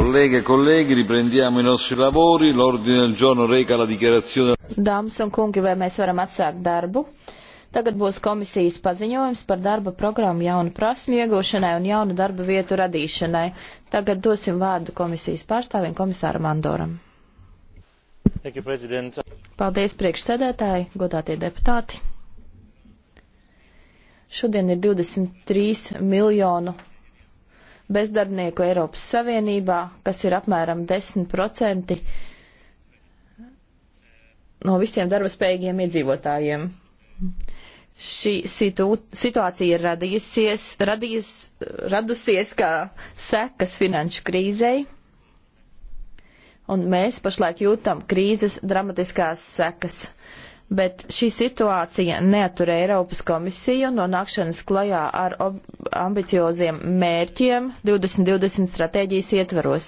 Colleghe e colleghi, riprendiamo i nostri lavori. L'ordine del giorno reca la dichiarazione. Dāmas un kungi, vai mēs varam atsākt darbu? Tagad būs komisijas paziņojums par darba programmu jaunu prasmu iegūšanai un jaunu darba vietu radīšanai. Tagad dosim vārdu komisijas pārstāvim komisāram Andoram. You, Paldies priekšsēdētāji, godātie deputāti. Šodien ir 23 miljonu bezdarbnieku Eiropas Savienībā, kas ir apmēram 10% no visiem darbaspējīgiem iedzīvotājiem. Šī situ, situācija ir radījusies, radījus, radusies kā sekas finanšu krīzei, un mēs pašlaik jūtam krīzes dramatiskās sekas bet šī situācija neatura Eiropas komisiju no nākšanas klajā ar ambicioziem mērķiem 2020 stratēģijas ietvaros.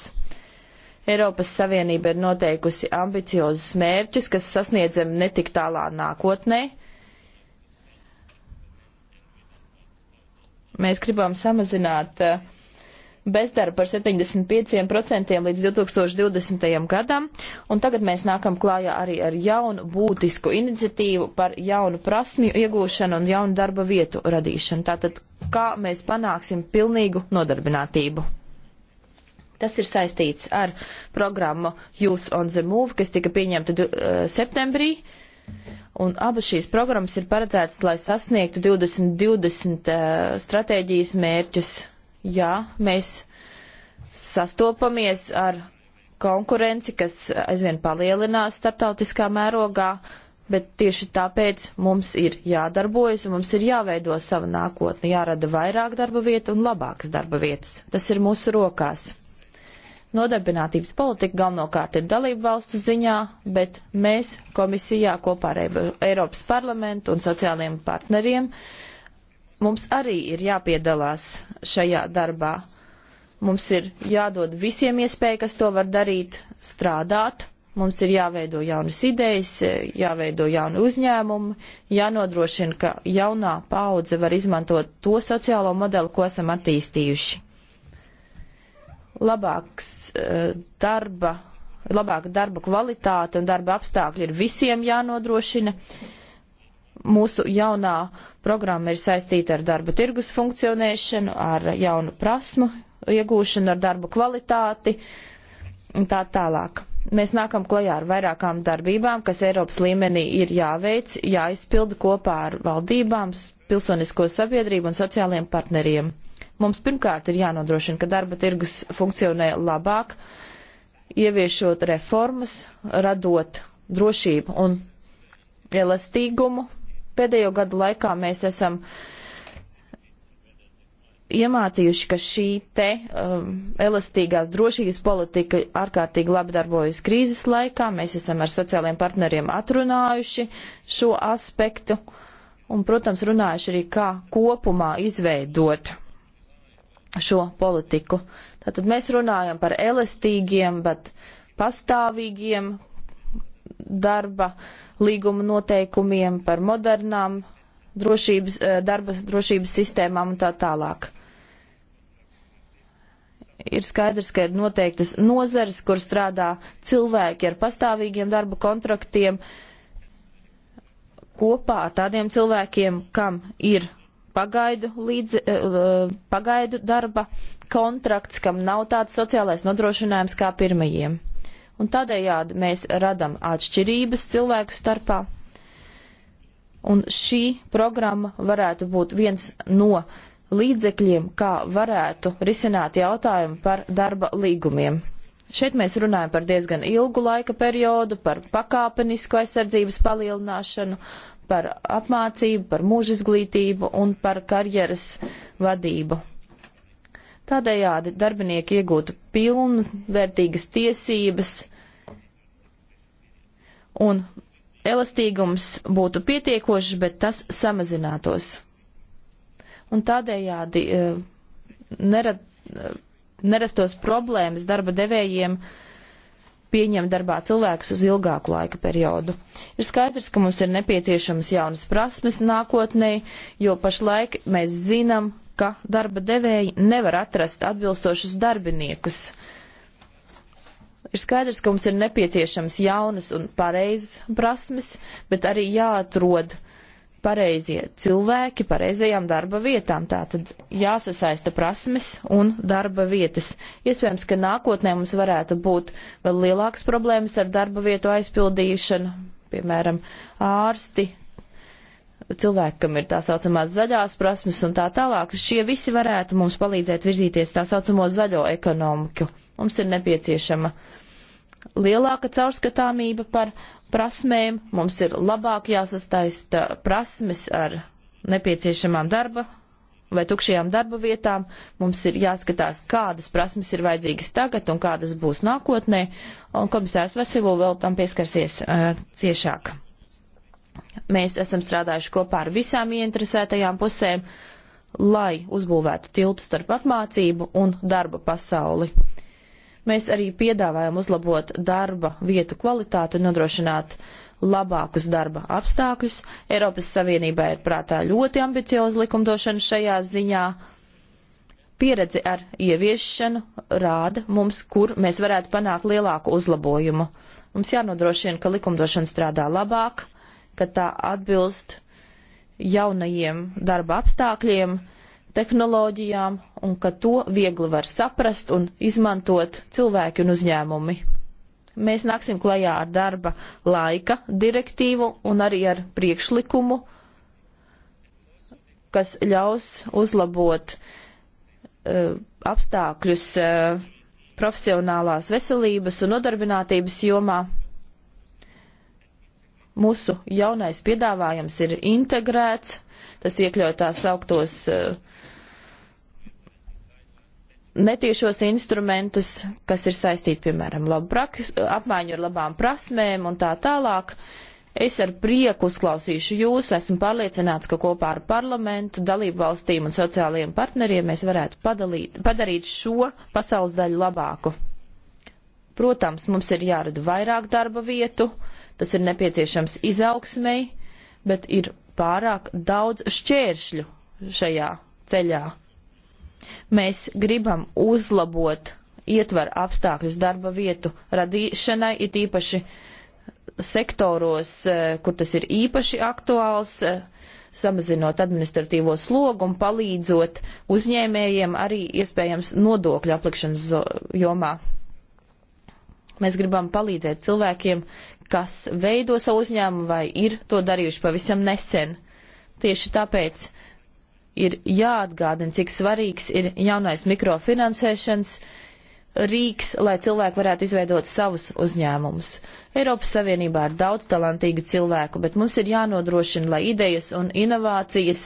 Eiropas Savienība ir noteikusi ambiciozus mērķus, kas sasniedzami netik tālā nākotnē. Mēs gribam samazināt uh, bezdarbu par 75% līdz 2020. gadam, un tagad mēs nākam klājā arī ar jaunu būtisku iniciatīvu par jaunu prasmju iegūšanu un jaunu darba vietu radīšanu. Tātad, kā mēs panāksim pilnīgu nodarbinātību? Tas ir saistīts ar programmu Youth on the Move, kas tika pieņemta eh, septembrī. Un abas šīs programmas ir paredzētas, lai sasniegtu 2020 uh, eh, stratēģijas mērķus jā, mēs sastopamies ar konkurenci, kas aizvien palielinās starptautiskā mērogā, bet tieši tāpēc mums ir jādarbojas un mums ir jāveido sava nākotne, jārada vairāk darba vietu un labākas darba vietas. Tas ir mūsu rokās. Nodarbinātības politika galvenokārt ir dalību valstu ziņā, bet mēs komisijā kopā ar Eiropas parlamentu un sociālajiem partneriem uh, mums arī ir jāpiedalās šajā darbā. Mums ir jādod visiem iespēja, kas to var darīt, strādāt. Mums ir jāveido jaunas idejas, jāveido jauni uzņēmumi, jānodrošina, ka jaunā paudze var izmantot to sociālo modeli, ko esam attīstījuši. Labāks eh, darba, labāka darba kvalitāte un darba apstākļi ir visiem jānodrošina. Mūsu jaunā uh, Programma ir saistīta ar darba tirgus funkcionēšanu, ar jaunu prasmu iegūšanu, ar darbu kvalitāti un tā tālāk. Mēs nākam klajā ar vairākām darbībām, kas Eiropas līmenī ir jāveic, jāizpilda kopā ar valdībām, pilsonisko sabiedrību un sociālajiem partneriem. Mums pirmkārt ir jānodrošina, ka darba tirgus funkcionē labāk, ieviešot reformas, radot drošību un elastīgumu Pēdējo gadu laikā mēs esam iemācījuši, ka šī te um, elastīgās drošības politika ārkārtīgi labi darbojas krīzes laikā. Mēs esam ar sociālajiem partneriem atrunājuši šo aspektu un, protams, runājuši arī, kā kopumā izveidot šo politiku. Tātad mēs runājam par elastīgiem, bet pastāvīgiem darba uh, līguma noteikumiem, par modernām drošības, eh, darba drošības sistēmām un tā tālāk. Ir skaidrs, ka ir noteiktas nozares, kur strādā cilvēki ar pastāvīgiem darba kontraktiem kopā ar tādiem cilvēkiem, kam ir pagaidu, līdz, eh, pagaidu darba kontrakts, kam nav tāds sociālais nodrošinājums kā pirmajiem un tādējādi mēs radam atšķirības cilvēku starpā. Un šī programma varētu būt viens no līdzekļiem, kā varētu risināt jautājumu par darba līgumiem. Šeit mēs runājam par diezgan ilgu laika periodu, par pakāpenisku aizsardzības palielināšanu, par apmācību, par mūža izglītību un par karjeras vadību. Tādējādi darbinieki iegūtu pilnvērtīgas tiesības un elastīgums būtu pietiekošs, bet tas samazinātos. Un tādējādi eh, nerad, eh, nerastos problēmas darba devējiem pieņemt darbā cilvēkus uz ilgāku laika periodu. Ir skaidrs, ka mums ir nepieciešamas jaunas prasmes nākotnē, jo pašlaik mēs zinām, ka darba devēji nevar atrast atbilstošus darbiniekus. Uh, Ir skaidrs, ka mums ir nepieciešams jaunas un pareizas prasmes, bet arī jāatrod pareizie cilvēki pareizajām darba vietām. Tātad jāsasaista prasmes un darba vietas. Iespējams, ka nākotnē mums varētu būt vēl lielākas problēmas ar darba vietu aizpildīšanu, piemēram, ārsti, cilvēki, kam ir tā saucamās zaļās prasmes un tā tālāk. Šie visi varētu mums palīdzēt virzīties tā saucamo zaļo ekonomiku. Mums ir nepieciešama uh, lielāka caurskatāmība par prasmēm, mums ir labāk jāsastaista uh, prasmes ar nepieciešamām darba vai tukšajām darba vietām. Mums ir jāskatās, kādas prasmes ir vajadzīgas tagad un kādas būs nākotnē, un komisārs Vasilo vēl tam pieskarsies uh, ciešāk. Mēs esam strādājuši kopā ar visām ieinteresētajām pusēm, lai uzbūvētu tiltu starp apmācību un darba pasauli. Uh, Mēs arī piedāvājam uzlabot darba vietu kvalitāti un nodrošināt labākus darba apstākļus. Eiropas Savienībā ir prātā ļoti ambicioza likumdošana šajā ziņā. Pieredze ar ieviešanu rāda mums, kur mēs varētu panākt lielāku uzlabojumu. Mums jānodrošina, ka likumdošana strādā labāk, ka tā atbilst jaunajiem darba apstākļiem, tehnoloģijām un ka to viegli var saprast un izmantot cilvēki un uzņēmumi. Mēs nāksim klajā ar darba laika direktīvu un arī ar priekšlikumu, kas ļaus uzlabot uh, apstākļus uh, profesionālās veselības un nodarbinātības jomā. Mūsu jaunais piedāvājums ir integrēts, Tas iekļaut tās augtos eh, netiešos instrumentus, kas ir saistīti, piemēram, labu praksu, apmaiņu ar labām prasmēm un tā tālāk. Es ar prieku uzklausīšu jūs, esmu pārliecināts, ka kopā ar parlamentu, dalību valstīm un sociālajiem partneriem mēs varētu padalīt, padarīt šo pasaules daļu labāku. Protams, mums ir jārada vairāk darba vietu, tas ir nepieciešams izaugsmei, bet ir pārāk daudz šķēršļu šajā ceļā. Mēs gribam uzlabot ietver apstākļus darba vietu radīšanai, it īpaši sektoros, eh, kur tas ir īpaši aktuāls, eh, samazinot administratīvo slogu un palīdzot uzņēmējiem arī iespējams nodokļu aplikšanas jomā. Mēs gribam palīdzēt cilvēkiem, kas veido savu uzņēmumu vai ir to darījuši pavisam nesen. Tieši tāpēc ir jāatgādina, cik svarīgs ir jaunais mikrofinansēšanas rīks, lai cilvēki varētu izveidot savus uzņēmumus. Eiropas Savienībā ir daudz talantīgu cilvēku, bet mums ir jānodrošina, lai idejas un inovācijas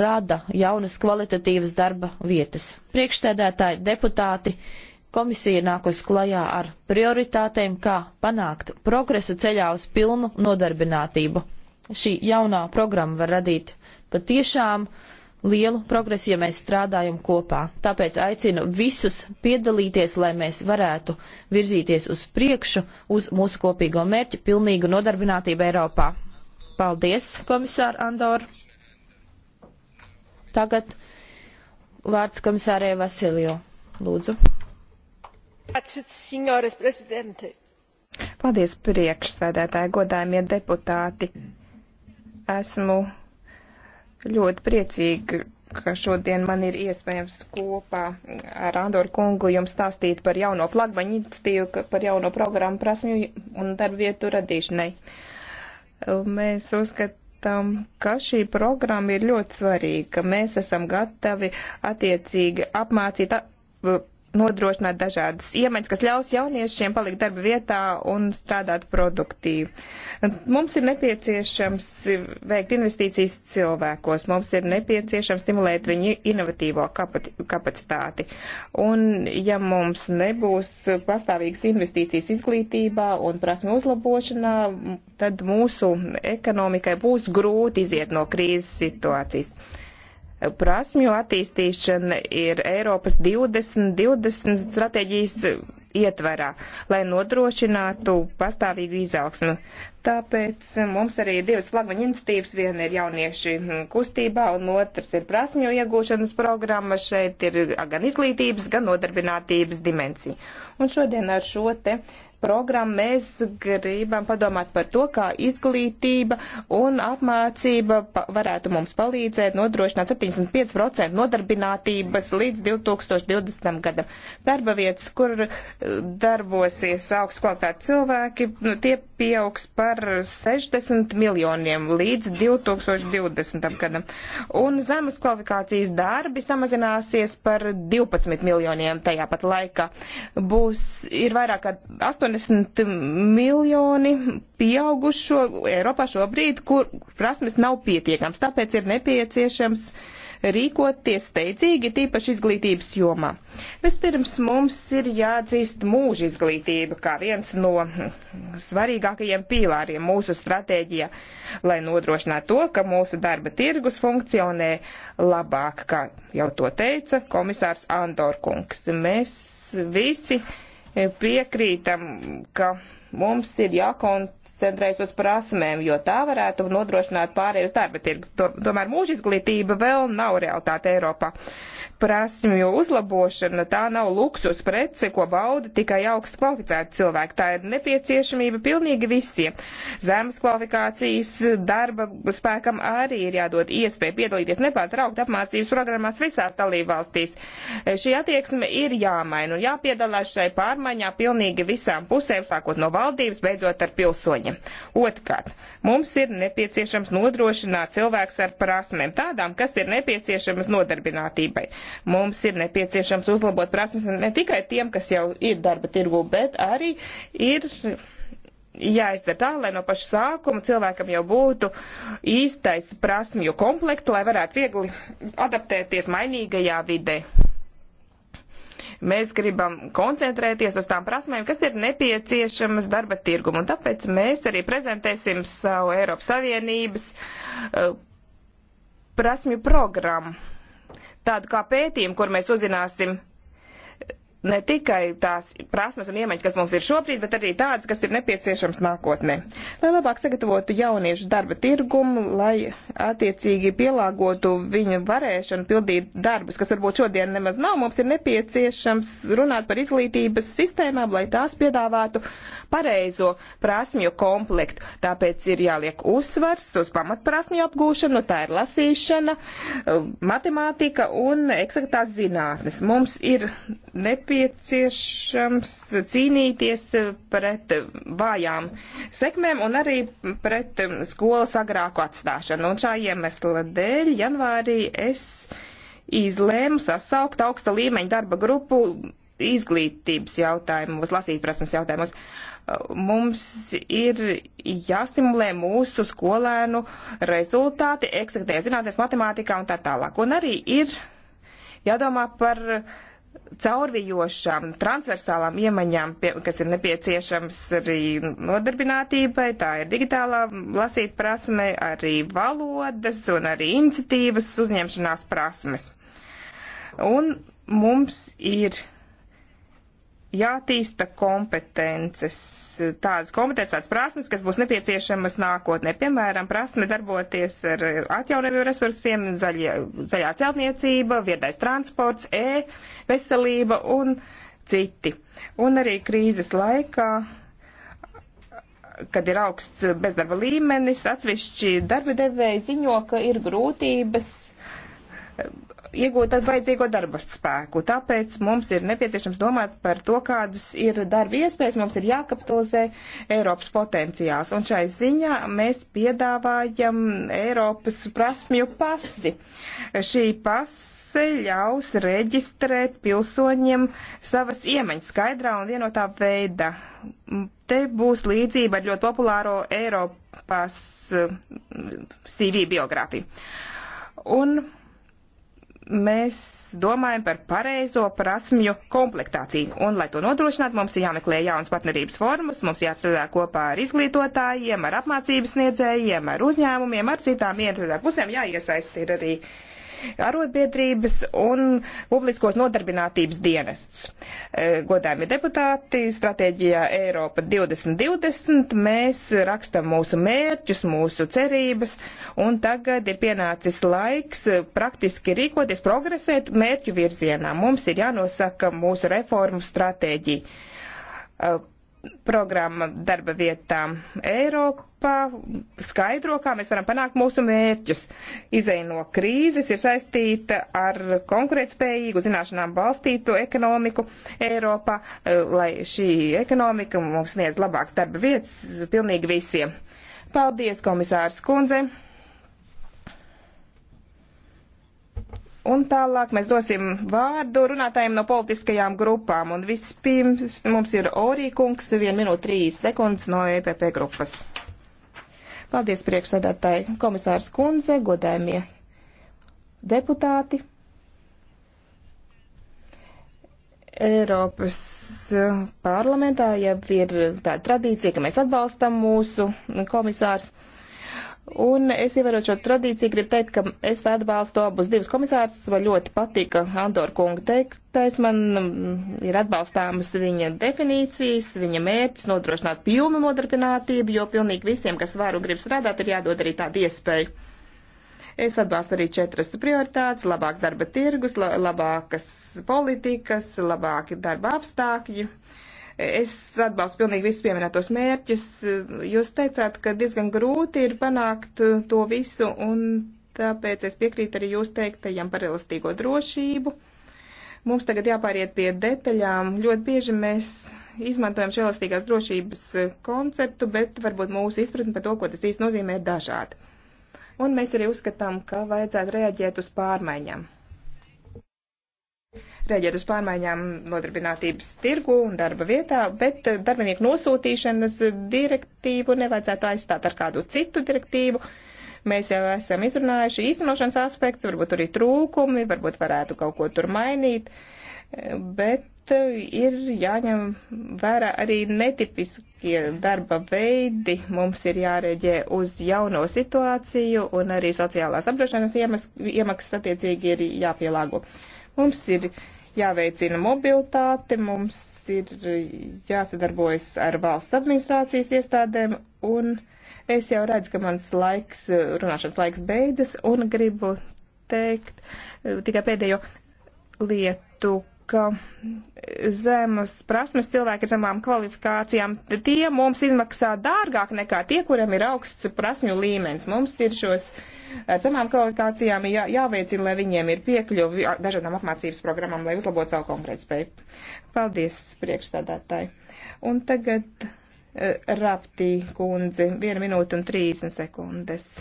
rada jaunas kvalitatīvas darba vietas. Priekšstādētāji, deputāti, uh, Komisija ir nākus klajā ar prioritātēm, kā panākt progresu ceļā uz pilnu nodarbinātību. Šī jaunā programma var radīt patiešām lielu progresu, ja mēs strādājam kopā. Tāpēc aicinu visus piedalīties, lai mēs varētu virzīties uz priekšu uz mūsu kopīgo mērķi - pilnīgu nodarbinātību Eiropā. Paldies, komisār Andor. Tagad vārds komisārai Vasiljo. Lūdzu. Paldies, priekšsēdētāji, godājumie deputāti. Esmu ļoti priecīga, ka šodien man ir iespējams kopā ar Andoru kungu jums stāstīt par jauno flagmaņu iniciatīvu, par jauno programmu prasmju un darbvietu radīšanai. Mēs uzskatām, uzskatām, ka šī programma ir ļoti svarīga, ka mēs esam gatavi attiecīgi apmācīt nodrošināt dažādas iemaņas, kas ļaus jauniešiem palikt darba vietā un strādāt produktīvi. Mums ir nepieciešams veikt investīcijas cilvēkos, mums ir nepieciešams stimulēt viņu inovatīvo kapacitāti. Un ja mums nebūs pastāvīgas investīcijas izglītībā un prasme uzlabošanā, tad mūsu ekonomikai būs grūti iziet no krīzes situācijas prasmju attīstīšana ir Eiropas 2020 stratēģijas ietverā, lai nodrošinātu pastāvīgu izaugsmu. Tāpēc eh, mums arī ir divas flagmaņa iniciatīvas. Viena ir jaunieši mm, kustībā, un otrs ir prasmju iegūšanas programma. Šeit ir gan izglītības, gan nodarbinātības dimensija. Un šodien ar šo te programmu mēs gribam padomāt par to, kā izglītība un apmācība varētu mums palīdzēt nodrošināt 75% nodarbinātības līdz 2020. gadam. Darba vietas, kur eh, darbosies augsts kvalitāti cilvēki, nu, tie pieaugs par 60 miljoniem līdz 2020. gadam. Un zemes kvalifikācijas darbi samazināsies par 12 miljoniem tajā pat laikā. Būs, ir vairāk kā 80 80 miljoni pieaugušo Eiropā šobrīd, kur prasmes nav pietiekams, tāpēc ir nepieciešams rīkoties steidzīgi, tīpaši izglītības jomā. Vispirms mums ir jāatzīst mūža izglītība kā viens no svarīgākajiem pīlāriem mūsu stratēģijā, lai nodrošinātu to, ka mūsu darba tirgus funkcionē labāk, kā jau to teica komisārs Andorkungs. Mēs visi piekrītam, ka Mums ir jākoncentrējas uz prasmēm, jo tā varētu nodrošināt pārējus darba tirgus. Tomēr mūža izglītība vēl nav realitāte Eiropā. Prasmju uzlabošana tā nav luksus prece, ko bauda tikai augsts kvalificēti cilvēki. Tā ir nepieciešamība pilnīgi visiem. Zemes kvalifikācijas darba spēkam arī ir jādod iespēja piedalīties nepārtraukt apmācības programmās visās dalībvalstīs. Šī attieksme ir jāmaina un jāpiedalās šai pārmaiņā pilnīgi visām pusēm, sākot no valsts valdības, beidzot ar pilsoņiem. Otkārt, mums ir nepieciešams nodrošināt cilvēks ar prasmēm, tādām, kas ir nepieciešamas nodarbinātībai. Mums ir nepieciešams uzlabot prasmes ne tikai tiem, kas jau ir darba tirgu, bet arī ir jāizdara tā, lai no paša sākuma cilvēkam jau būtu īstais prasmju komplekts, lai varētu viegli adaptēties mainīgajā vidē. Mēs gribam koncentrēties uz tām prasmēm, kas ir nepieciešamas darba tirgumu, un tāpēc mēs arī prezentēsim savu Eiropas Savienības e, prasmju programmu, tādu kā pētījumu, kur mēs uzzināsim ne tikai tās prasmes un iemaņas, kas mums ir šobrīd, bet arī tādas, kas ir nepieciešams nākotnē. Lai labāk sagatavotu jauniešu darba tirgumu, lai attiecīgi pielāgotu viņu varēšanu pildīt darbus, kas varbūt šodien nemaz nav, mums ir nepieciešams runāt par izglītības sistēmām, lai tās piedāvātu pareizo prasmju komplektu. Tāpēc ir jāliek uzsvars uz pamatprasmju apgūšanu, tā ir lasīšana, matemātika un eksaktās zinātnes. Mums ir nepieciešams nepieciešams cīnīties pret vājām sekmēm un arī pret skolas agrāku atstāšanu. Un šā iemesla dēļ janvārī es izlēmu sasaukt augsta līmeņa darba grupu izglītības jautājumos, lasīt prasmes jautājumos. Mums ir jāstimulē mūsu skolēnu rezultāti eksaktajā zinātnēs, matemātikā un tā tālāk. Un arī ir jādomā par uh, caurvijošām, transversālām iemaņām, pie, kas ir nepieciešams arī nodarbinātībai, tā ir digitālā lasīt prasme, arī valodas un arī iniciatīvas uzņemšanās prasmes. Un mums ir jātīsta kompetences tādas kompetences, tādas prasmes, kas būs nepieciešamas nākotnē. Piemēram, prasme darboties ar atjaunojumiem resursiem, zaļa, zaļā celtniecība, viedais transports, e-veselība un citi. Un arī krīzes laikā kad ir augsts bezdarba līmenis, atsevišķi darba devēji ziņo, ka ir grūtības iegūt vajadzīgo darba spēku. Tāpēc mums ir nepieciešams domāt par to, kādas ir darba iespējas, mums ir jākapitalizē Eiropas potenciāls. Un šai ziņā mēs piedāvājam Eiropas prasmju pasi. Šī pase ļaus reģistrēt pilsoņiem savas iemaņas skaidrā un vienotā veidā. Te būs līdzība ar ļoti populāro Eiropas mm, CV biogrāfiju. Un mēs domājam par pareizo prasmju komplektāciju. Un, lai to nodrošinātu, mums ir jāmeklē jaunas partnerības formas, mums jāstrādā kopā ar izglītotājiem, ar apmācības sniedzējiem, ar uzņēmumiem, ar citām iesaistītām pusēm. Jāiesaist ir arī uh, arotbiedrības un publiskos nodarbinātības dienestus. E, Godājumi deputāti, stratēģijā Eiropa 2020 mēs rakstam mūsu mērķus, mūsu cerības, un tagad ir pienācis laiks praktiski rīkoties, progresēt mērķu virzienā. Mums ir jānosaka mūsu reformu stratēģija e, programma darba vietām Eiropa Eiropā skaidro, kā mēs varam panākt mūsu mērķus. Izeja no krīzes ir saistīta ar konkurētspējīgu, zināšanām balstītu ekonomiku Eiropā, eh, lai šī ekonomika mums sniedz labāks darba vietas pilnīgi visiem. Paldies, komisārs Kundze! Un tālāk mēs dosim vārdu runātājiem no politiskajām grupām. Un vispirms mums ir Orī kungs, 1 minūte 3 sekundes no EPP grupas. Paldies priekšsēdētāji komisārs kundze, godējumie deputāti. Eiropas eh, parlamentā jau ir tāda tradīcija, ka mēs atbalstam mūsu komisārs. Un es ievēroju šo tradīciju, gribu teikt, ka es atbalstu abus divus komisārus. Man ļoti patika Andor kunga teiktais. Man mm, ir atbalstāmas viņa definīcijas, viņa mērķis nodrošināt pilnu nodarbinātību, jo pilnīgi visiem, kas var un grib strādāt, ir jādod arī tāda iespēja. Es atbalstu arī četras prioritātes - labāks darba tirgus, labākas politikas, labāki darba apstākļi. Uh, Es atbalstu pilnīgi visus pieminētos mērķus. Jūs teicāt, ka diezgan grūti ir panākt uh, to visu, un tāpēc es piekrītu arī jūs teiktajam par elastīgo drošību. Mums tagad jāpāriet pie detaļām. Ļoti bieži mēs izmantojam šo elastīgās drošības uh, konceptu, bet varbūt mūsu izpratne par to, ko tas īsti nozīmē, ir dažāda. Un mēs arī uzskatām, ka vajadzētu reaģēt uz pārmaiņām rēģēt uz pārmaiņām nodarbinātības tirgu un darba vietā, bet darbinieku nosūtīšanas direktīvu nevajadzētu aizstāt ar kādu citu direktīvu. Mēs jau esam izrunājuši īstenošanas aspekts, varbūt arī trūkumi, varbūt varētu kaut ko tur mainīt, bet ir jāņem vērā arī netipiskie darba veidi. Mums ir jārēģē uz jauno situāciju un arī sociālās apdrošināšanas iemaksas attiecīgi ir jāpielāgo. Uh, Mums ir jāveicina mobilitāte, mums ir jāsadarbojas ar valsts administrācijas iestādēm, un es jau redzu, ka mans laiks, runāšanas laiks beidzas, un gribu teikt eh, tikai pēdējo lietu, ka zemas prasmes cilvēki ar zemām kvalifikācijām, tie mums izmaksā dārgāk nekā tie, kuriem ir augsts prasmju līmenis. Mums ir šos eh, zemām kvalifikācijām jā, jāveicina, lai viņiem ir piekļuvi dažādām apmācības programmām, lai uzlabotu savu konkurētspēju. Paldies, priekšstādātāji. Un tagad eh, Raptī kundzi, 1 minūte un 30 sekundes.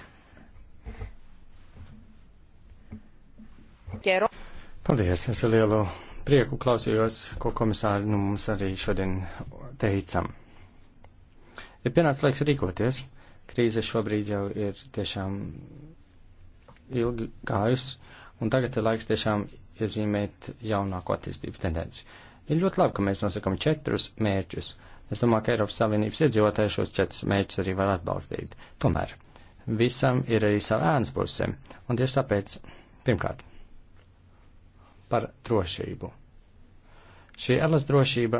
Paldies, es lielu prieku klausījos, ko komisāri nu, mums arī šodien teicam. Ir pienācis laiks rīkoties. Krīze šobrīd jau ir tiešām ilgi gājusi, un tagad ir laiks tiešām iezīmēt jaunāko attīstības tendenci. Ir ļoti labi, ka mēs nosakam četrus mērķus. Es domāju, ka Eiropas Savienības iedzīvotāji šos četrus mērķus arī var atbalstīt. Tomēr visam ir arī sava ēnas puse, un tieši tāpēc, pirmkārt, par drošību. Šī atlas drošība,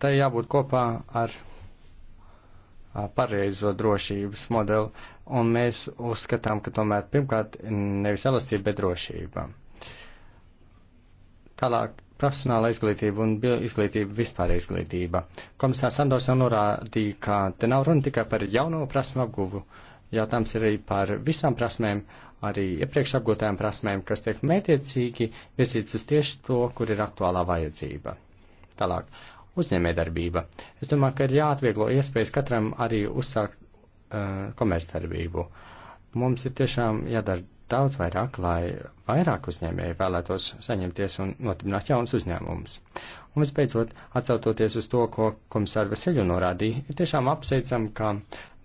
tai jābūt kopā ar pareizo drošības modeli, un mēs uzskatām, ka tomēr pirmkārt nevis elastība, bet drošība. Tālāk profesionāla izglītība un izglītība vispār izglītība. Komisārs Sandors jau norādīja, ka te nav runa tikai par jauno prasmu apguvu, jautājums ir arī par visām prasmēm arī iepriekš apgūtajām prasmēm, kas tiek mētiecīgi virzīts uz tieši to, kur ir aktuālā vajadzība. Tālāk, uzņēmējdarbība. Es domāju, ka ir jāatvieglo iespējas katram arī uzsākt uh, komercdarbību. Mums ir tiešām jādara daudz vairāk, lai vairāk uzņēmēji vēlētos saņemties un notibināt jaunus uzņēmumus. Un visbeidzot, atsautoties uz to, ko komisāra Vaseļu norādīja, ir tiešām apsveicam, ka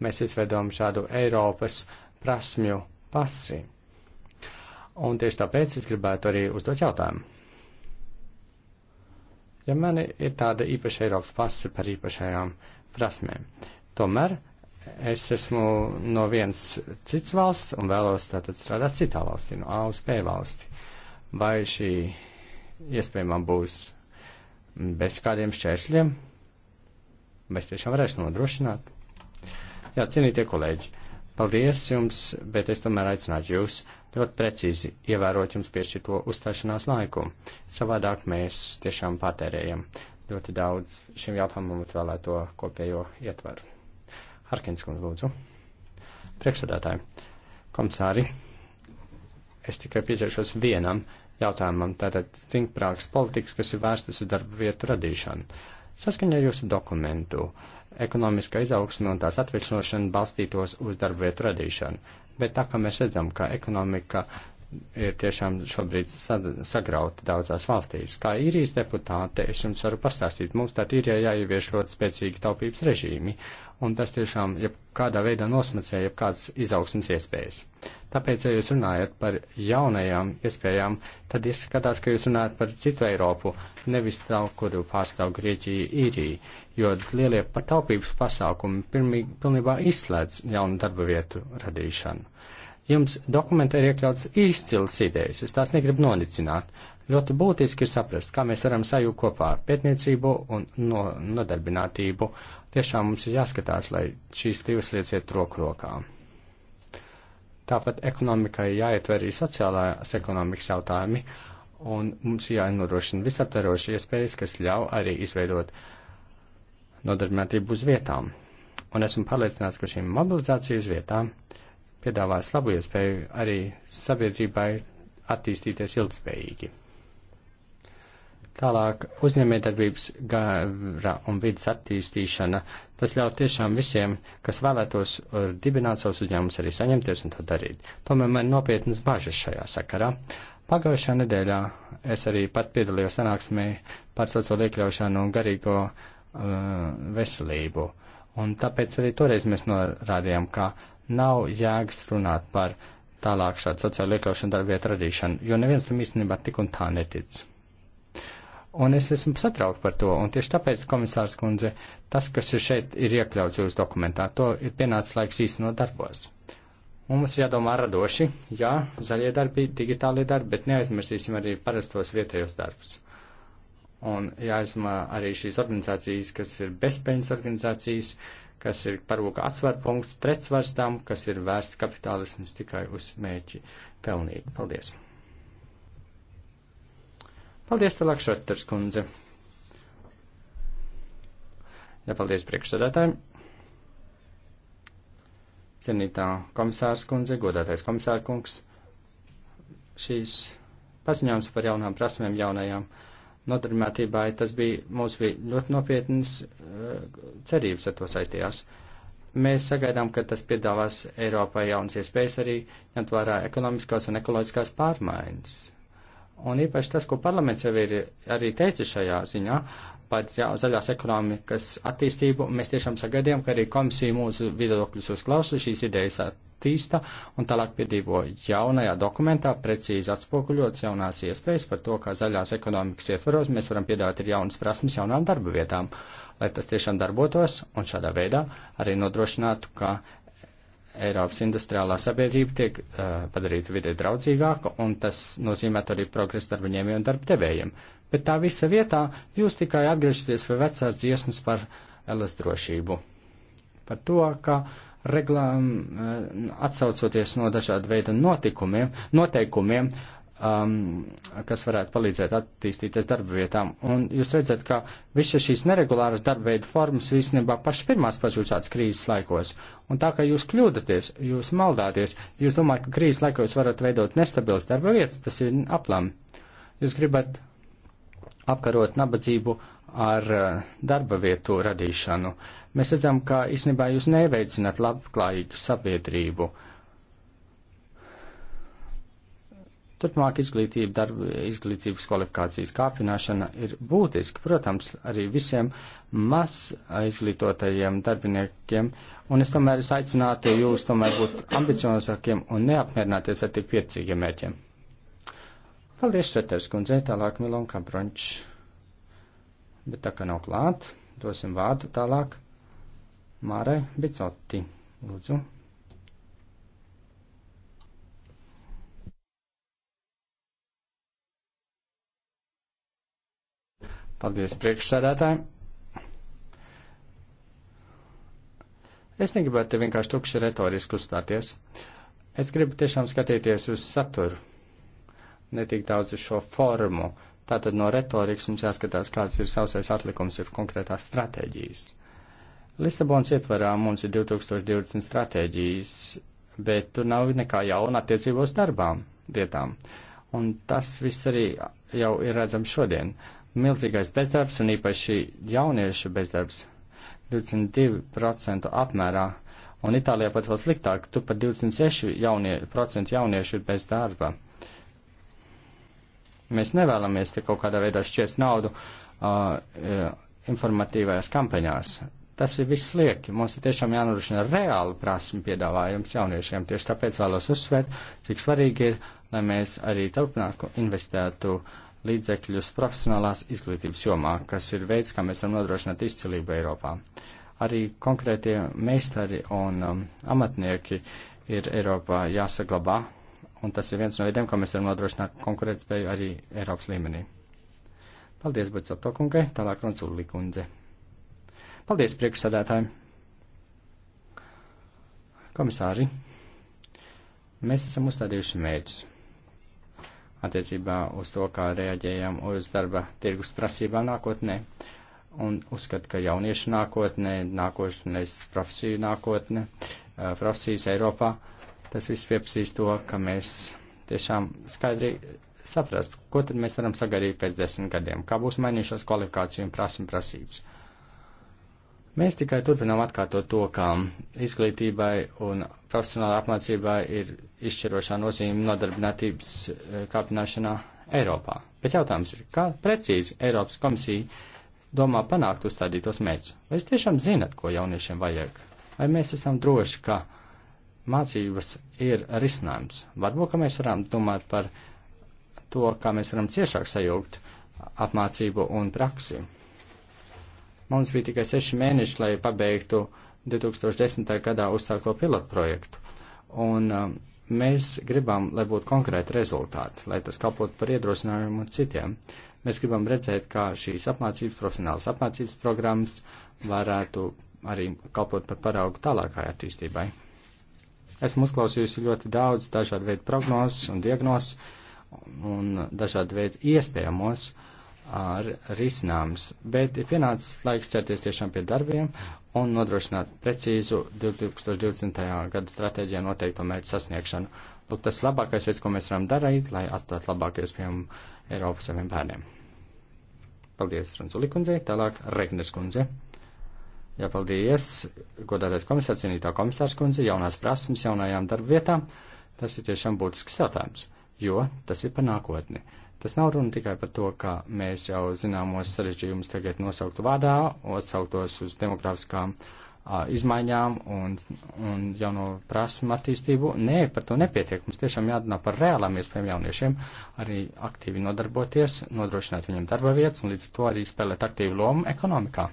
mēs izveidojam šādu Eiropas prasmju pasi. Un tieši tāpēc es gribētu arī uzdot jautājumu. Ja man ir tāda īpaša Eiropas pasa par īpašajām prasmēm, tomēr es esmu no viens cits valsts un vēlos tātad strādāt citā valstī, no A uz B valsti. Vai šī iespēja man būs bez kādiem šķēršļiem? Vai es tiešām varēšu nodrošināt? Jā, cienītie kolēģi, Paldies jums, bet es tomēr aicinātu jūs ļoti precīzi ievērot jums piešķirto uzstāšanās laiku. Savādāk mēs tiešām patērējam ļoti daudz šim jautājumam atvēlēto kopējo ietvaru. Harkins kundze, lūdzu. Priekšsēdētāji, komisāri, es tikai pieķeršos vienam jautājumam, tātad stingprāks politikas, kas ir vērstas uz darba vietu radīšanu. Saskaņā jūsu dokumentu. Uh, ekonomiskā izaugsme un tās atveļšošana balstītos uz darba vietu radīšanu. Bet tā kā mēs redzam, ka ekonomika ir tiešām šobrīd sagrauti daudzās valstīs. Kā īrijas deputāte, es jums varu pastāstīt, mums tā ir jāievieš ļoti spēcīgi taupības režīmi, un tas tiešām jebkādā veidā nosmacē jebkādas izaugsmas iespējas. Tāpēc, ja jūs runājat par jaunajām iespējām, tad izskatās, ka jūs runājat par citu Eiropu, nevis tā, kuru pārstāv Grieķija īrija, jo lielie pataupības pasākumi pirmī, pilnībā izslēdz jaunu darba vietu radīšanu. Jums dokumentā ir iekļauts izcils idejas, es tās negribu nonicināt. Ļoti būtiski ir saprast, kā mēs varam sajūt kopā ar pētniecību un no, nodarbinātību. Tiešām mums ir jāskatās, lai šīs divas lietas iet roku rokā. Tāpat ekonomikai jāietver arī sociālās ekonomikas jautājumi, un mums jānodrošina visaptveroši iespējas, kas ļauj arī izveidot nodarbinātību uz vietām. Un esmu pārliecināts, ka šīm mobilizācijas vietām uh, piedāvās labu iespēju arī sabiedrībai attīstīties ilgspējīgi. Tālāk uzņēmējdarbības gara un vidas attīstīšana, tas ļauj tiešām visiem, kas vēlētos uh, dibināt savus uzņēmumus, arī saņemties un to darīt. Tomēr man nopietnas bažas šajā sakarā. Pagājušā nedēļā es arī pat piedalījos sanāksmē par sociālo iekļaušanu un garīgo uh, veselību. Un tāpēc arī toreiz mēs norādījām, ka uh, nav jēgas runāt par tālāk šādu sociālo iekļaušanu darbvietu radīšanu, jo neviens tam īstenībā tik un tā netic. Un es esmu satraukta par to, un tieši tāpēc, komisārs kundze, tas, kas ir šeit, ir iekļauts jūsu dokumentā, to ir pienācis laiks īstenot darbos. Un mums jādomā radoši, jā, zaļie darbi, digitālie darbi, bet neaizmirsīsim arī parastos vietējos darbus. Un jāizmā arī šīs organizācijas, kas ir bezpējas organizācijas, uh, kas ir parūka atsvarpunkts pretsvars tam, kas ir vērsts kapitālisms tikai uz mērķi pelnīt. Paldies! Paldies, Telakšotars kundze! Jā, paldies priekšsēdētājiem! Cienītā komisārs kundze, godātais komisāra kungs, šīs paziņojums par jaunām prasmēm jaunajām nodarbinātībai, tas bija, mums bija ļoti nopietnas eh, cerības ar to saistījās. Mēs sagaidām, ka tas piedāvās Eiropai jaunas iespējas arī ņemt vērā ekonomiskās un ekoloģiskās pārmaiņas. Un īpaši tas, ko parlaments jau ir arī teicis šajā ziņā par jā, zaļās ekonomikas attīstību, mēs tiešām sagaidījām, ka arī komisija mūsu viedokļus uzklausa, šīs idejas attīsta un tālāk piedzīvo jaunajā dokumentā precīzi atspoguļots jaunās iespējas par to, kā zaļās ekonomikas ietvaros mēs varam piedāvāt ir jaunas prasmes jaunām darba vietām, lai tas tiešām darbotos un šādā veidā arī nodrošinātu, ka Eiropas industriālā sabiedrība tiek uh, padarīta vidē draudzīgāka, un tas nozīmē arī progresu darba ņēmējiem un darba devējiem. Bet tā visa vietā jūs tikai atgriežaties pie vecās dziesmas par LS drošību. Par to, ka reglām, uh, atsaucoties no dažādu veidu notikumiem, noteikumiem, uh, um, kas varētu palīdzēt attīstīties darba vietām. Un jūs redzat, ka visas šīs neregulāras darba veidu formas īstenībā pašas pirmās pašūcāts krīzes laikos. Un tā kā jūs kļūdaties, jūs maldāties, jūs domājat, ka krīzes laikos varat veidot nestabils darba vietas, tas ir aplam. Jūs gribat apkarot nabadzību ar uh, darba vietu radīšanu. Mēs redzam, ka īstenībā jūs neveicināt labklājīgu sabiedrību. Uh, Turpmāk izglītība, darba, izglītības kvalifikācijas kāpināšana ir būtiska, protams, arī visiem maz izglītotajiem darbiniekiem, un es tomēr es aicinātu jūs tomēr būt ambiciozākiem un neapmierināties ar tik piecīgiem mērķiem. Paldies, Šreters kundzei, tālāk Milon Kabronč. Bet tā kā nav klāt, dosim vārdu tālāk Mārai Bicoti. Lūdzu. Paldies priekšsēdētājiem. Es negribētu te vienkārši tukši retoriski uzstāties. Es gribu tiešām skatīties uz saturu, ne tik daudz uz šo formu. Tātad no retorikas mums jāskatās, kāds ir sausais atlikums, ir konkrētās stratēģijas. Lisabons ietvarā mums ir 2020 stratēģijas, bet tur nav nekā jauna attiecībos darbām, vietām. Un tas viss arī jau ir redzams šodien milzīgais bezdarbs un īpaši jauniešu bezdarbs 22% apmērā, un Itālijā pat vēl sliktāk, tu pat 26% jaunie, jauniešu ir bez darba. Mēs nevēlamies te kaut kādā veidā šķiest naudu uh, uh, informatīvajās kampaņās. Tas ir viss lieki. Mums ir tiešām jānodrošina reāli prasmi piedāvājums jauniešiem. Tieši tāpēc vēlos uzsvērt, cik svarīgi ir, lai mēs arī turpmāk investētu uh, līdzekļus profesionālās izglītības jomā, kas ir veids, kā mēs varam nodrošināt izcilību Eiropā. Arī konkrētie meistari un um, amatnieki ir Eiropā jāsaglabā, un tas ir viens no veidiem, kā mēs varam nodrošināt konkurētspēju arī Eiropas līmenī. Paldies, Bacoto kungai, tālāk Ronsulī kundze. Paldies, priekšsādātāji! Komisāri, mēs esam uzstādījuši mērķus attiecībā uz to, kā reaģējam uz darba tirgus prasībām nākotnē. Un uzskat, ka jauniešu nākotnē, nākotnes profesiju nākotne, profesijas Eiropā, tas viss pieprasīs to, ka mēs tiešām skaidri saprast, ko tad mēs varam sagaidīt pēc desmit gadiem, kā būs mainījušās kvalifikāciju un prasmu prasības. prasības Mēs tikai turpinām atkārtot to, ka izglītībai un profesionālā apmācībai ir izšķirošā nozīme nodarbinātības eh, kāpināšanā Eiropā. Bet jautājums ir, kā precīzi Eiropas komisija domā panākt uzstādītos mērķus? Vai jūs tiešām zinat, ko jauniešiem vajag? Vai mēs esam droši, ka mācības ir risinājums? Varbūt, ka mēs varam domāt par to, kā mēs varam ciešāk sajaukt apmācību un praksi. Mums bija tikai seši mēneši, lai pabeigtu 2010. gadā uzsākto pilotu projektu. Un um, mēs gribam, lai būtu konkrēti rezultāti, lai tas kalpotu par iedrošinājumu citiem. Mēs gribam redzēt, kā šīs apmācības, profesionālas apmācības programmas varētu arī kalpot par paraugu tālākai attīstībai. Esmu uzklausījusi ļoti daudz dažādu veidu prognozes un diagnozes un dažādu veidu iespējamos uh, ar risinājums, bet ir pienācis laiks ķerties tiešām pie darbiem un nodrošināt precīzu 2020. gada stratēģijā noteikto mērķu sasniegšanu. Lūk, tas labākais veids, ko mēs varam darīt, lai atstāt labākajos piem Eiropas saviem bērniem. Paldies, Franzuli kundzei, tālāk Regnes kundze. Jā, paldies, godātais komisārs, cienītā komisārs kundze, jaunās prasmes, jaunajām darbvietām. Tas ir tiešām būtisks jautājums, jo tas ir par nākotni. Uh, Tas nav runa tikai par to, ka mēs jau zināmos sarežģījumus tagad nosauktu vārdā, atsauktos uz demografiskām a, izmaiņām un, un jauno prasmu attīstību. Nē, par to nepietiek. Mums tiešām jādunā par reālām iespējām jauniešiem, arī aktīvi nodarboties, nodrošināt viņiem darba vietas un līdz ar to arī spēlēt aktīvu lomu ekonomikā.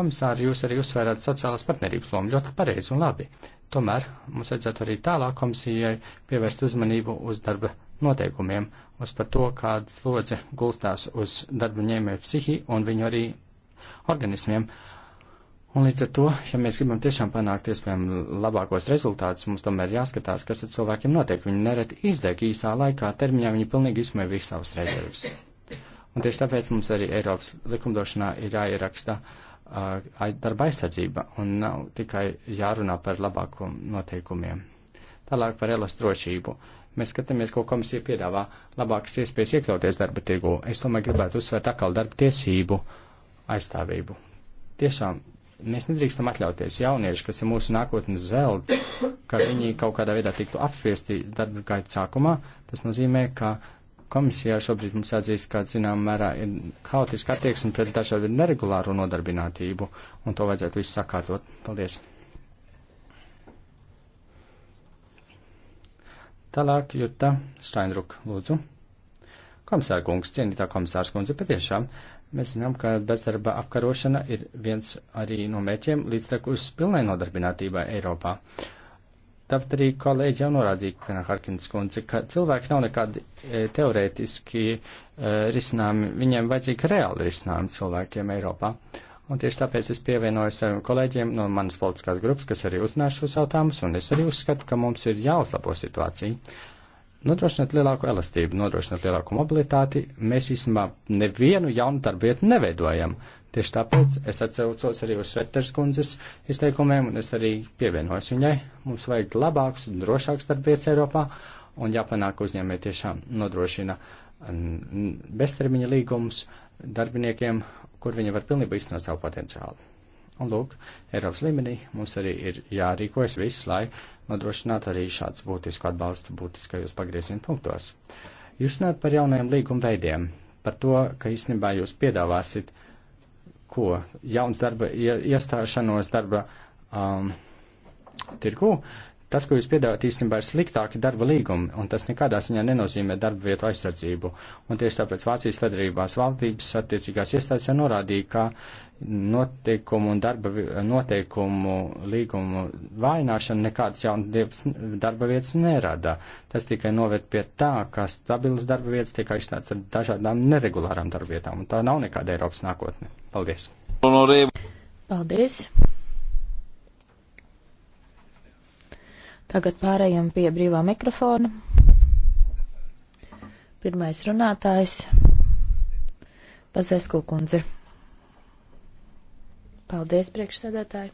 Komisāri, jūs arī uzsvērāt sociālās partnerības lomu ļoti pareizi un labi. Tomēr mums vajadzētu arī tālāk komisijai pievērst uzmanību uz darba noteikumiem, uz par to, kāda slodze gulstās uz darba ņēmēju psihi un viņu arī organismiem. Un līdz ar to, ja mēs gribam tiešām panākt iespējami labākos rezultātus, mums tomēr jāskatās, kas ar cilvēkiem notiek. Viņi nereti izdeg īsā laikā, termiņā viņi pilnīgi izmē visu savus rezervus. Un tieši tāpēc mums arī Eiropas likumdošanā ir jāieraksta uh, darba aizsardzība un nav tikai jārunā par labāko noteikumiem. Tālāk par elastrošību. Uh, Mēs skatāmies, ko komisija piedāvā labākas iespējas iekļauties darba tirgu. Es tomēr gribētu uzsvērt atkal darba tiesību aizstāvību. Tiešām mēs nedrīkstam atļauties jaunieši, kas ir mūsu nākotnes zelta, ka viņi kaut kādā veidā tiktu apspiesti darba gaita sākumā. Tas nozīmē, ka komisijā šobrīd mums jāatzīst, ka, zinām, mērā ir haotiska attieksme pret dažādu neregulāru nodarbinātību, un to vajadzētu visu sakārtot. Paldies! Tālāk Jutta Steinruk, lūdzu. Komisāra kungs, cienītā komisārs kundze, patiešām mēs zinām, ka bezdarba apkarošana ir viens arī no mērķiem līdztekus pilnai nodarbinātībai Eiropā. Tāpat arī kolēģi jau norādīja, ka Harkins kundze, ka cilvēki nav nekādi e, teorētiski e, risinājumi, viņiem vajadzīga reāli risinājumi cilvēkiem Eiropā. Uh, Un tieši tāpēc es pievienoju saviem kolēģiem no manas politiskās grupas, kas arī uzrunās šos jautājumus, un es arī uzskatu, ka mums ir jāuzlabo situācija. Nodrošinot lielāku elastību, nodrošinot lielāku mobilitāti, mēs īstenībā nevienu jaunu darbu vietu neveidojam. Tieši tāpēc es atcaucos arī uz Sveters kundzes izteikumiem, un es arī pievienojos viņai. Mums vajag labāks un drošāks darbu vietas Eiropā, un jāpanāk uzņēmē tiešām nodrošina beztermiņa līgumus darbiniekiem kur viņi var pilnībā iztenot savu potenciālu. Un lūk, Eiropas līmenī mums arī ir jārīkojas viss, lai nodrošinātu arī šāds būtisku atbalstu būtiskajos pagrieziena punktos. Jūs runājat par jaunajiem līguma veidiem, par to, ka īstenībā jūs piedāvāsit, ko jauns darba iestāšanos darba um, tirgu, uh, Tas, ko jūs piedāvājat, īstenībā ir sliktāki darba līgumi, un tas nekādā ziņā nenozīmē darba vietu aizsardzību. Un tieši tāpēc Vācijas federībās valdības attiecīgās iestādes jau norādīja, ka noteikumu un darba noteikumu līgumu vājināšana nekādas jaunas darba vietas nerada. Tas tikai novērt pie tā, ka stabilas darba vietas tiek aizstāts ar dažādām neregulārām darba vietām, un tā nav nekāda Eiropas nākotne. Paldies! Paldies! Tagad pārējām pie brīvā mikrofona. Pirmais runātājs - Pazēsku kundze. Paldies, priekšsēdētāji!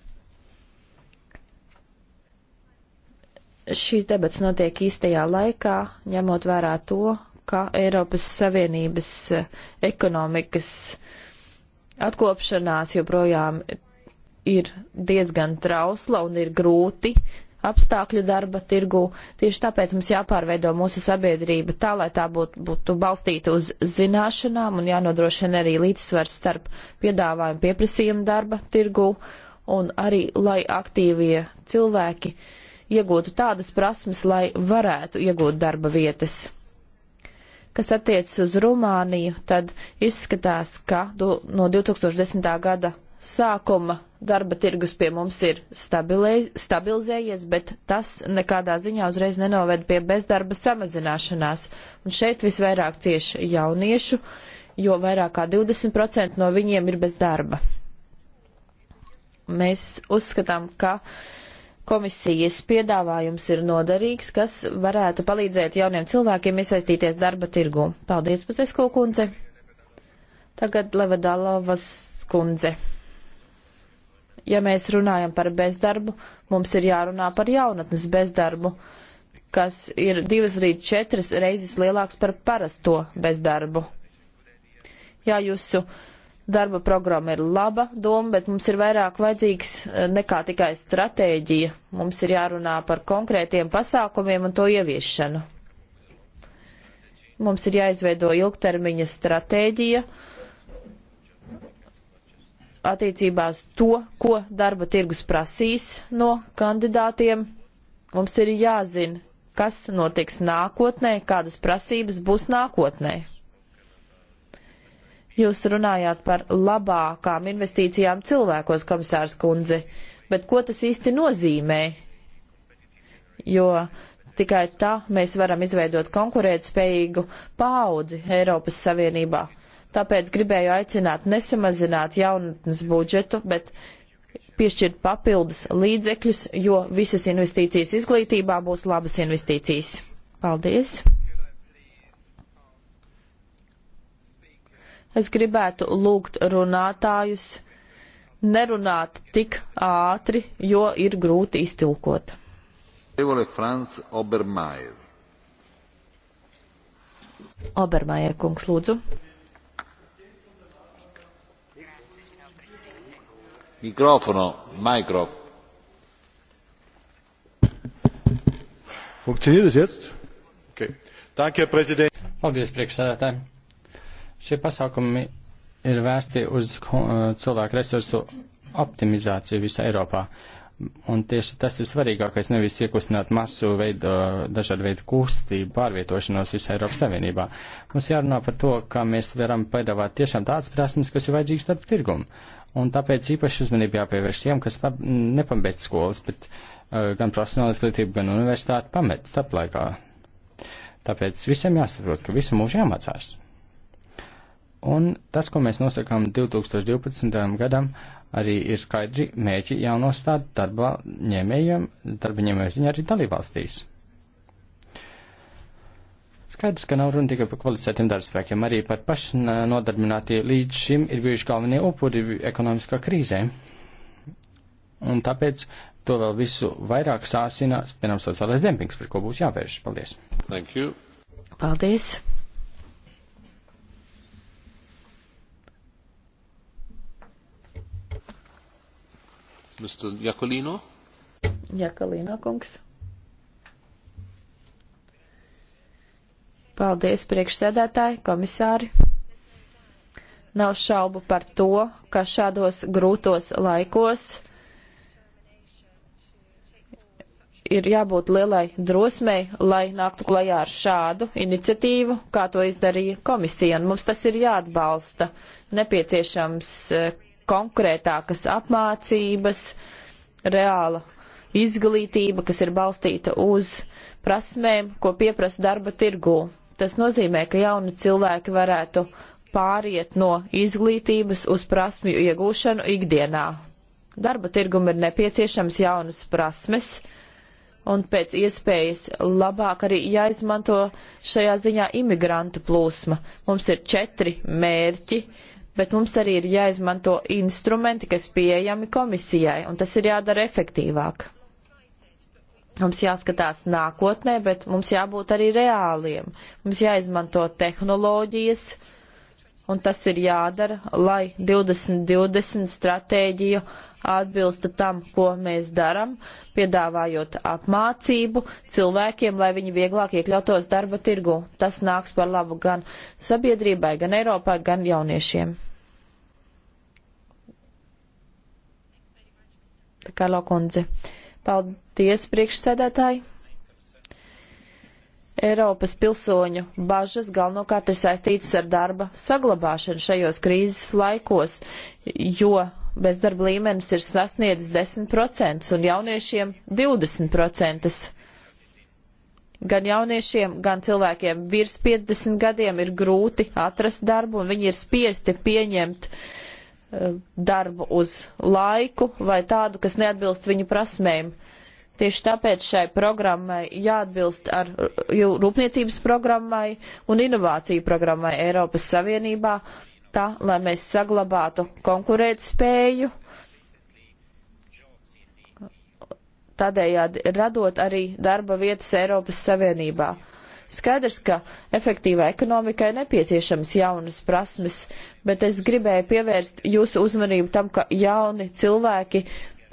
šīs debats notiek īstajā laikā, ņemot vērā to, ka Eiropas Savienības eh, ekonomikas atkopšanās joprojām ir diezgan trausla un ir grūti apstākļu darba tirgu. Tieši tāpēc mums jāpārveido mūsu sabiedrība tā, lai tā būtu, būtu balstīta uz zināšanām un jānodrošina arī līdzsvars starp piedāvājumu pieprasījumu darba tirgu un arī, lai aktīvie cilvēki iegūtu tādas prasmes, lai varētu iegūt darba vietas. Kas attiecas uz Rumāniju, tad izskatās, ka no 2010. gada sākuma darba tirgus pie mums ir stabilizējies, bet tas nekādā ziņā uzreiz nenoved pie bezdarba samazināšanās. Un šeit visvairāk cieši jauniešu, jo vairāk kā 20% no viņiem ir bez darba. Mēs uzskatām, ka komisijas piedāvājums ir noderīgs, kas varētu palīdzēt jauniem cilvēkiem iesaistīties darba tirgu. Paldies, Pusesko kundze! Tagad Levedalovas kundze ja mēs runājam par bezdarbu, mums ir jārunā par jaunatnes bezdarbu, kas ir divas līdz četras reizes lielāks par parasto bezdarbu. Jā, jūsu darba programma ir laba doma, bet mums ir vairāk vajadzīgs eh, nekā tikai stratēģija. Mums ir jārunā par konkrētiem pasākumiem un to ieviešanu. Mums ir jāizveido ilgtermiņa stratēģija attiecībā uz to, ko darba tirgus prasīs no kandidātiem. Mums ir jāzina, kas notiks nākotnē, kādas prasības būs nākotnē. Jūs runājāt par labākām investīcijām cilvēkos, komisārs kundze, bet ko tas īsti nozīmē? Jo tikai tā mēs varam izveidot konkurētspējīgu paudzi Eiropas Savienībā. Tāpēc gribēju aicināt nesamazināt jaunatnes budžetu, bet piešķirt papildus līdzekļus, jo visas investīcijas izglītībā būs labas investīcijas. Paldies! Es gribētu lūgt runātājus nerunāt tik ātri, jo ir grūti iztilkot. Obermajer kungs, lūdzu. Microfono, micro. Funktioniert es jetzt? Okay. Danke, Herr Präsident. Paldies, priekšsēdētāji. Šie pasākumi ir vērsti uz eh, cilvēku resursu optimizāciju visā Eiropā. Un tieši tas ir svarīgākais, nevis iekusināt masu veidu, dažādu veidu kustību, pārvietošanos visā Eiropas Savienībā. Mums jārunā par to, kā mēs varam piedāvāt tiešām tādas prasmes, kas ir vajadzīgas starp tirgumu un tāpēc īpaši uzmanību jāpievērš tiem, kas nepabeidz skolas, bet uh, gan profesionāla izglītība, gan universitāte pamet starplaikā. Tāpēc visiem jāsaprot, ka visu mūžu jāmācās. Un tas, ko mēs nosakām 2012. gadam, arī ir skaidri mēķi jānostāda darba ņēmējiem, darba ņēmēju ziņā arī dalībvalstīs. Skaidrs, ka nav runa tikai par kvalificētiem darbspēkiem, arī par pašnodarbinātie līdz šim ir bijuši galvenie upuri ekonomiskā krīzē. Un tāpēc to vēl visu vairāk sāsina, piemēram, sociālais dempings, par ko būs jāvēršas. Paldies! Thank you! Paldies! Mr. Jakolino? Jakolino kungs. Paldies, priekšsēdētāji, komisāri. Nav šaubu par to, ka šādos grūtos laikos ir jābūt lielai drosmei, lai nāktu klajā ar šādu iniciatīvu, kā to izdarīja komisija. Un mums tas ir jāatbalsta. Nepieciešams e, konkrētākas apmācības, reāla izglītība, kas ir balstīta uz prasmēm, ko pieprasa darba tirgū. Tas nozīmē, ka jauni cilvēki varētu pāriet no izglītības uz prasmju iegūšanu ikdienā. Darba tirgum ir nepieciešams jaunas prasmes, un pēc iespējas labāk arī jāizmanto šajā ziņā imigrantu plūsma. Mums ir četri mērķi, bet mums arī ir jāizmanto instrumenti, kas pieejami komisijai, un tas ir jādara efektīvāk. Mums jāskatās nākotnē, bet mums jābūt arī reāliem. Mums jāizmanto tehnoloģijas, un tas ir jādara, lai 2020 stratēģija atbilstu tam, ko mēs daram, piedāvājot apmācību cilvēkiem, lai viņi vieglāk iekļautos darba tirgu. Tas nāks par labu gan sabiedrībai, gan Eiropai, gan jauniešiem. Tā kā Lokundze. Uh, Paldies, priekšsēdētāji! Eiropas pilsoņu bažas galvenokārt ir saistītas ar darba saglabāšanu šajos krīzes laikos, jo bezdarba līmenis ir sasniedzis 10% un jauniešiem 20%. Gan jauniešiem, gan cilvēkiem virs 50 gadiem ir grūti atrast darbu, un viņi ir spiesti pieņemt uh, darbu uz laiku vai tādu, kas neatbilst viņu prasmēm. Tieši tāpēc šai programmai jāatbilst ar rūpniecības programmai un inovāciju programmai Eiropas Savienībā, tā, lai mēs saglabātu konkurētspēju, tādējādi radot arī darba vietas Eiropas Savienībā. Skaidrs, ka efektīvai ekonomikai nepieciešams jaunas prasmes, bet es gribēju pievērst jūsu uzmanību tam, ka jauni cilvēki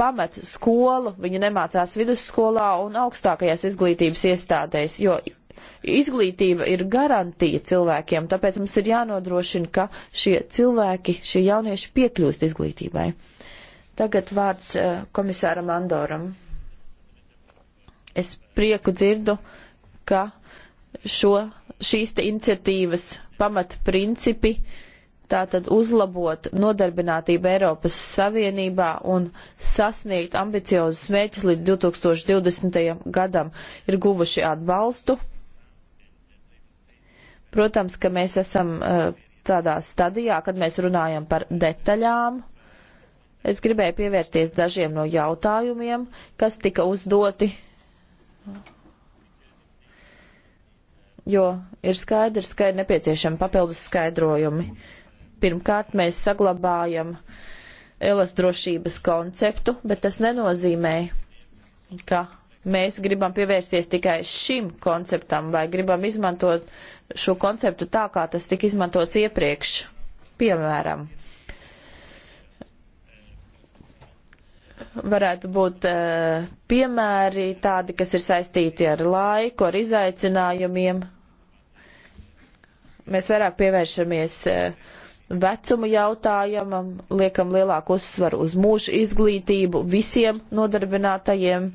pamet skolu, viņi nemācās vidusskolā un augstākajās izglītības iestādēs, jo izglītība ir garantija cilvēkiem, tāpēc mums ir jānodrošina, ka šie cilvēki, šie jaunieši piekļūst izglītībai. Tagad vārds eh, komisāram Andoram. Es prieku dzirdu, ka šo, šīs iniciatīvas pamatprincipi, tātad uzlabot nodarbinātību Eiropas Savienībā un sasniegt ambiciozus mērķus līdz 2020. gadam, ir guvuši atbalstu. Protams, ka mēs esam eh, tādā stadijā, kad mēs runājam par detaļām. Es gribēju pievērsties dažiem no jautājumiem, kas tika uzdoti jo ir skaidrs, ka ir nepieciešami papildus skaidrojumi. Pirmkārt, mēs saglabājam elas drošības konceptu, bet tas nenozīmē, ka mēs gribam pievērsties tikai šim konceptam vai gribam izmantot šo konceptu tā, kā tas tika izmantots iepriekš. Piemēram, varētu būt uh, piemēri tādi, kas ir saistīti ar laiku, ar izaicinājumiem. Mēs vairāk pievēršamies uh, vecumu jautājumam, liekam lielāku uzsvaru uz mūža izglītību visiem nodarbinātajiem,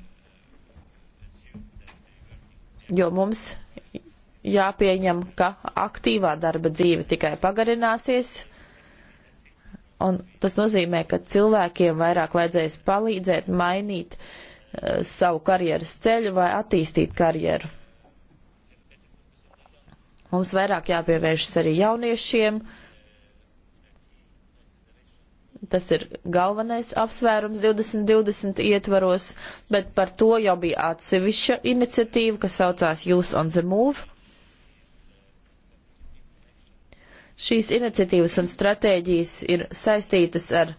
jo mums jāpieņem, ka aktīvā darba dzīve tikai pagarināsies Un tas nozīmē, ka cilvēkiem vairāk vajadzēs palīdzēt, mainīt uh, savu karjeras ceļu vai attīstīt karjeru. Mums vairāk jāpievēršas arī jauniešiem. Tas ir galvenais apsvērums 2020 ietvaros, bet par to jau bija atsevišķa iniciatīva, kas saucās Youth on the Move. Šīs iniciatīvas un stratēģijas ir saistītas ar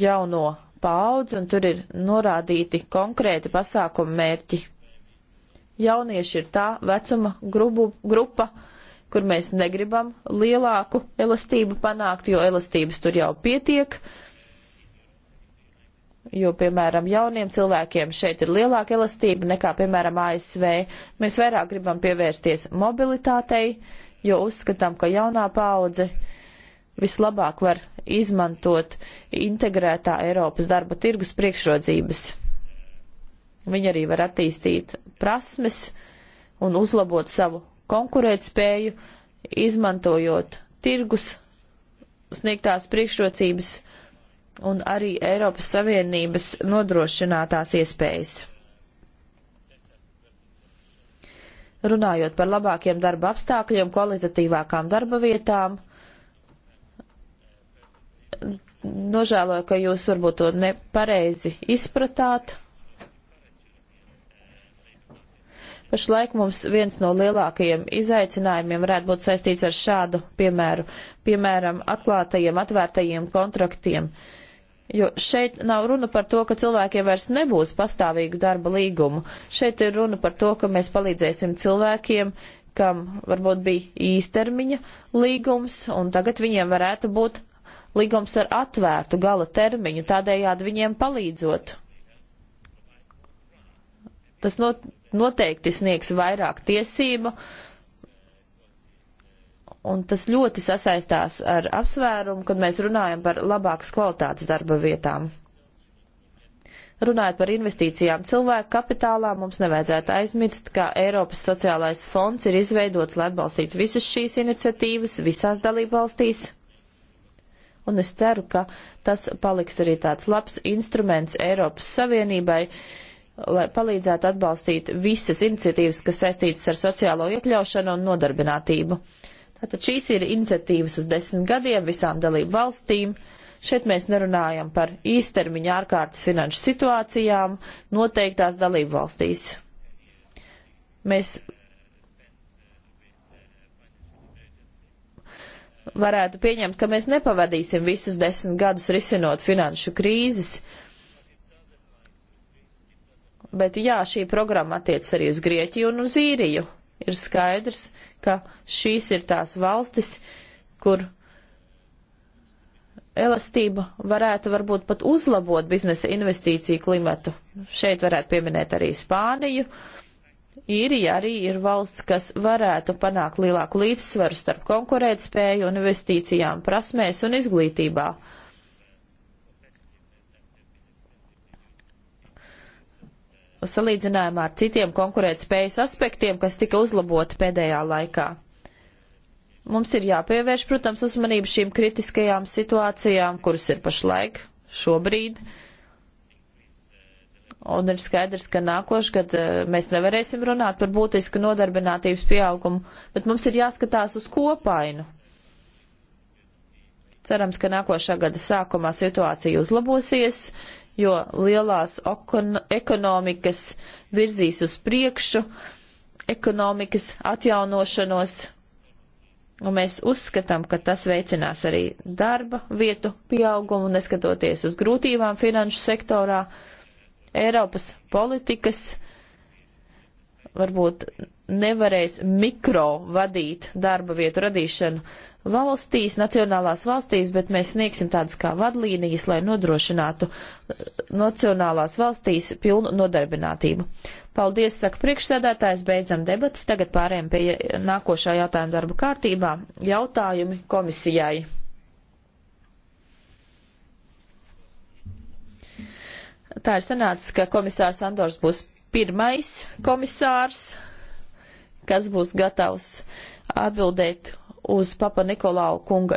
jauno paudzi, un tur ir norādīti konkrēti pasākumu mērķi. Jaunieši ir tā vecuma grubu, grupa, kur mēs negribam lielāku elastību panākt, jo elastības tur jau pietiek, jo, piemēram, jauniem cilvēkiem šeit ir lielāka elastība nekā, piemēram, ASV. Mēs vairāk gribam pievērsties mobilitātei, jo uzskatām, ka jaunā paudze vislabāk var izmantot integrētā Eiropas darba tirgus priekšrocības. Viņi arī var attīstīt prasmes un uzlabot savu konkurētspēju, izmantojot tirgus sniegtās priekšrocības un arī Eiropas Savienības nodrošinātās iespējas. runājot par labākiem darba apstākļiem, kvalitatīvākām darba vietām. Nožēloju, ka jūs varbūt to nepareizi izpratāt. Pašlaik mums viens no lielākajiem izaicinājumiem varētu būt saistīts ar šādu piemēru, piemēram, atklātajiem, atvērtajiem kontraktiem. Uh, Jo šeit nav runa par to, ka cilvēkiem vairs nebūs pastāvīgu darba līgumu. Šeit ir runa par to, ka mēs palīdzēsim cilvēkiem, kam varbūt bija īstermiņa līgums, un tagad viņiem varētu būt līgums ar atvērtu gala termiņu, tādējādi viņiem palīdzot. Tas noteikti sniegs vairāk tiesību, uh, Un tas ļoti sasaistās ar apsvērumu, kad mēs runājam par labākas kvalitātes darba vietām. Runājot par investīcijām cilvēku kapitālā, mums nevajadzētu aizmirst, ka Eiropas sociālais fonds ir izveidots, lai atbalstītu visas šīs iniciatīvas visās dalībvalstīs. Un es ceru, ka tas paliks arī tāds labs instruments Eiropas Savienībai, lai palīdzētu atbalstīt visas iniciatīvas, kas saistītas ar sociālo iekļaušanu un nodarbinātību. Uh, Tātad šīs ir iniciatīvas uz desmit gadiem visām dalību valstīm. Šeit mēs nerunājam par īstermiņa ārkārtas finanšu situācijām noteiktās dalību valstīs. Mēs varētu pieņemt, ka mēs nepavadīsim visus desmit gadus risinot finanšu krīzes. Bet jā, šī programma attiec arī uz Grieķiju un uz īriju. Ir skaidrs, ka šīs ir tās valstis, kur elastība varētu varbūt pat uzlabot biznesa investīciju klimatu. Šeit varētu pieminēt arī Spāniju. Īrija arī ir valsts, kas varētu panākt lielāku līdzsvaru starp konkurētspēju, investīcijām, prasmēs un izglītībā. Uh, salīdzinājumā ar citiem konkurētspējas aspektiem, kas tika uzlaboti pēdējā laikā. Mums ir jāpievērš, protams, uzmanību šīm kritiskajām situācijām, kuras ir pašlaik, šobrīd. Un ir skaidrs, ka nākošais gads eh, mēs nevarēsim runāt par būtisku nodarbinātības pieaugumu, bet mums ir jāskatās uz kopainu. Cerams, ka nākošā gada sākumā situācija uzlabosies. Uh, jo lielās ekonomikas virzīs uz priekšu ekonomikas atjaunošanos, un mēs uzskatām, ka tas veicinās arī darba vietu pieaugumu, neskatoties uz grūtībām finanšu sektorā. Eiropas politikas varbūt nevarēs mikro vadīt darba vietu radīšanu, valstīs, nacionālās valstīs, bet mēs sniegsim tādas kā vadlīnijas, lai nodrošinātu eh, nacionālās valstīs pilnu nodarbinātību. Paldies, saka priekšsēdētājs, beidzam debatas. Tagad pārējām pie nākošā jautājuma darba kārtībā. Jautājumi komisijai. Tā ir sanācis, ka komisārs Andors būs pirmais komisārs, kas būs gatavs atbildēt uz Papa Nikolau kunga